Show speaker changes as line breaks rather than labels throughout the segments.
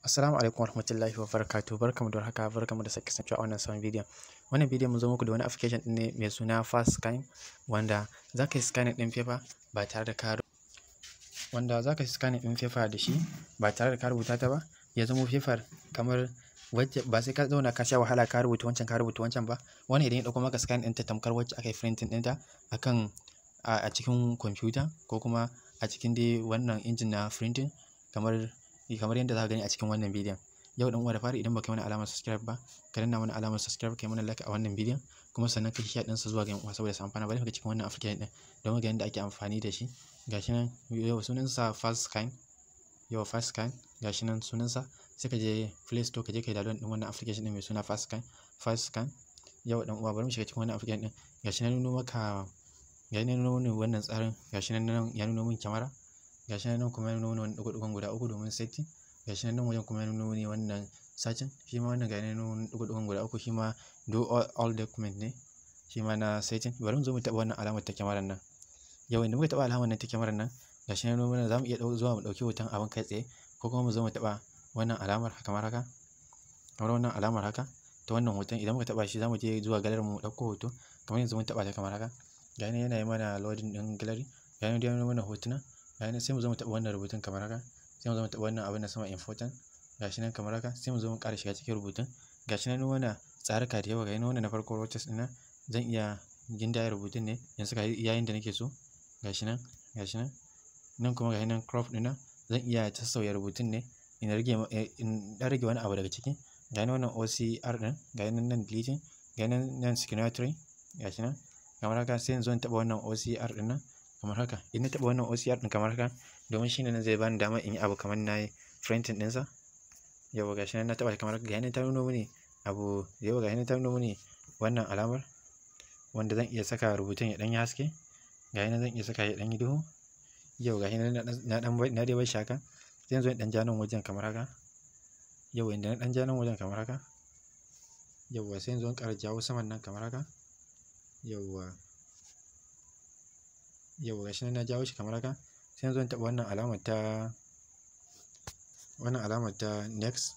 Assalamu alaikum warahmatullahi wabarakatuh barkamu da warhaka barkamu da sake kasancewa a wannan sabon bidiyon wannan bidiyon mun zo muku da wani application din ne mai suna fast scan wanda za ka yi scanning din paper ba tare da karo? wanda za ka yi scanning din paper da shi ba tare da ka rubuta ta ba ya zama paper kamar wacce ba sai ka zauna ka sha wahala ka rubuta wancan ka rubuta wancan ba Wannan idan ya dauko maka scan din ta tamkar wacce aka yi printing din ta akan a cikin computer ko kuma a cikin dai wannan injin na printing kamar Eh, kamar yadda za ka gani a cikin wannan bidiyon yau ɗan uwa da fari idan baka yi mana alamar subscribe ba ka danna mana alamar subscribe kai mana like a wannan bidiyon kuma sannan ka share ɗinsa zuwa ga yan uwa saboda su amfana bari ka cikin wannan application ɗin don ga yadda ake amfani da shi gashi nan yau sunan sa scan yau FastScan gashi nan sunan sa sai ka je Play Store ka je yi download ɗin wannan application ɗin mai suna fast scan yau ɗan uwa bari mu shiga cikin wannan application ɗin gashi nan nuno maka gashi nan nuno wannan tsarin gashi nan ya nuno min kyamara gashi nan kuma ya nuna wani ɗigo-ɗigon guda uku domin setting gashi nan wajen kuma ya nuna ne wannan sacin shi ma wannan gani nan nuna ɗigo-ɗigon guda uku shi ma do all document ne shi ma na setting bari mu zo mu taɓa wannan alamar ta kyamarar nan yau inda muka taɓa alamar nan ta kyamarar nan gashi nan nuna za mu iya zuwa mu ɗauki hoton abin kai tsaye ko kuma mu zo mu taɓa wannan alamar kamar haka kamar wannan alamar haka ta wannan hoton idan muka taɓa shi za mu je zuwa galar mu ɗauko hoto kamar yanzu mun taɓa ta kamar haka gani yana yi mana loading ɗin gallery gani dai mana hotuna bayan sai mu zo mu taɓa wannan rubutun kamar haka sai mu zo mu taɓa wannan abin na sama important gashi nan kamar haka sai mu zo mu ƙara shiga cikin rubutun gashi nan wannan tsarika da yawa gashi nan wannan na farko roches ɗin zan iya gindaya rubutun ne yanzu ga yayin da nake so gashi nan gashi nan nan kuma gashi nan crop ɗin nan zan iya sassauya rubutun ne in rage eh, in ɗan rage wani abu daga ciki gashi nan wannan OCR ɗin gashi nan nan deleting gashi nan nan screen gashi nan kamar haka sai in zo taɓa wannan OCR ɗin nan kamar haka in na taɓa wannan OCR ɗin kamar haka domin shi ne nan zai bani dama in yi abu kamar na yi printing ɗinsa yawa gashi nan na taɓa kamar haka gashi nan ta nuno mini abu yawa gashi nan ta nuno mini wannan alamar wanda zan iya saka rubutun ya ɗan yi haske gashi nan zan iya saka ya ɗan yi duhu yau gashi nan na ɗan na dai bar shi haka zan zo in ɗan ja nan wajen kamar haka yau inda na ɗan ja nan wajen kamar haka yauwa sai in zo in ƙara jawo saman nan kamar haka yauwa yau gashi nan na jawo shi kamar haka sai na zo taɓa wannan alamar ta wannan alamar ta next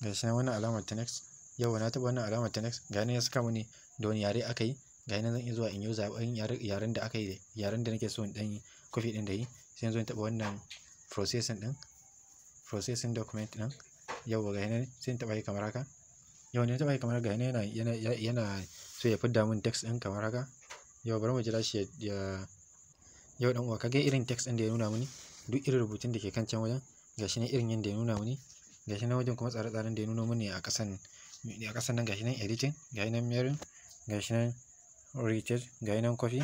gashi nan wannan alamar ta next yau na taɓa wannan alamar ta next ga nan ya saka mini da wani yare aka yi ga nan zan iya zuwa in yi zaɓen yaren da aka yi yaren da nake so in ɗan yi kofi ɗin da yi sai na zo in taɓa wannan processing ɗin processing document ɗin yau ga nan sai in taɓa yi kamar haka yau ne taɓa yi kamar ga nan yana yana so ya fidda min text ɗin kamar haka yau bari mu jira shi ya yau dan uwa kage irin text din da ya nuna mini duk irin rubutun da ke kan can wajen gashi ne irin yanda ya nuna mini gashi na wajen kuma tsare-tsaren da ya nuna mini a kasan a kasan nan gashi nan editing gashi nan mirroring gashi nan retouch gashi nan copy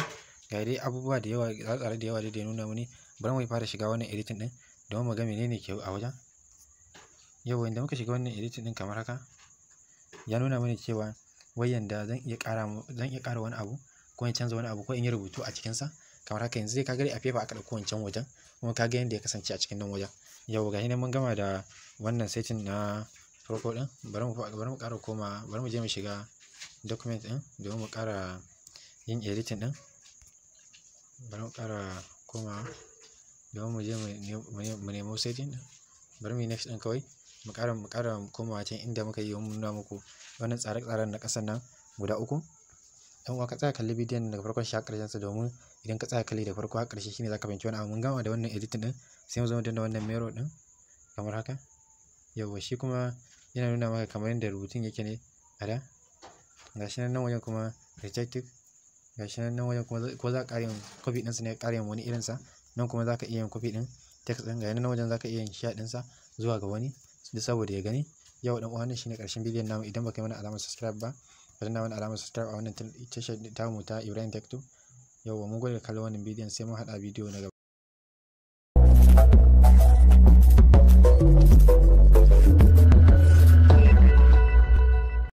gashi dai abubuwa da yawa tsare-tsare da yawa da ya nuna mini bari mu fara shiga wannan editing din don mu ga menene ke a wajen yau inda muka shiga wannan editing din kamar haka ya nuna mini cewa wai yanda zan iya kara zan iya kara wani abu ko in canza wani abu ko in yi rubutu a cikinsa kamar haka yanzu zai ka gari a fefa aka ɗauko wancan wajen kuma ka ga yadda ya kasance a cikin nan wajen yau ga nan mun gama da wannan setting na farko ɗin bari mu bari mu ƙara koma bari mu je mu shiga document ɗin domin mu ƙara yin editing ɗin bari mu ƙara koma domin mu je mu nemo setting ɗin bari mu yi next ɗin kawai mu ƙara mu ƙara komawa can inda muka yi mun nuna muku wannan tsare-tsaren na ƙasan nan guda uku dan uwa ka tsaya kalli bidiyon daga farkon shi har ƙarshen sa domin idan ka tsaya kalli da farko har ƙarshe shine zaka fahimci wani abu mun gama da wannan editing din sai mu zo mu danna wannan mirror din kamar haka yawwa shi kuma yana nuna maka kamar yadda rubutun yake ne a da gashi nan wajen kuma rejected gashi nan wajen kuma ko za ka ƙara yin copy ɗinsa ne ƙara yin wani irin sa nan kuma za ka iya yin copy ɗin text ɗin gashi nan wajen za ka iya yin share ɗinsa zuwa ga wani duk saboda ya gani yau dan uwa wannan shine ƙarshen bidiyon namu idan baka yi mana alamar subscribe ba ka wani mana alamar subscribe a wannan tashar tamu ta Ibrahim Tech 2 yauwa mun gode da kallon wannan bidiyon sai mun haɗa bidiyo na gaba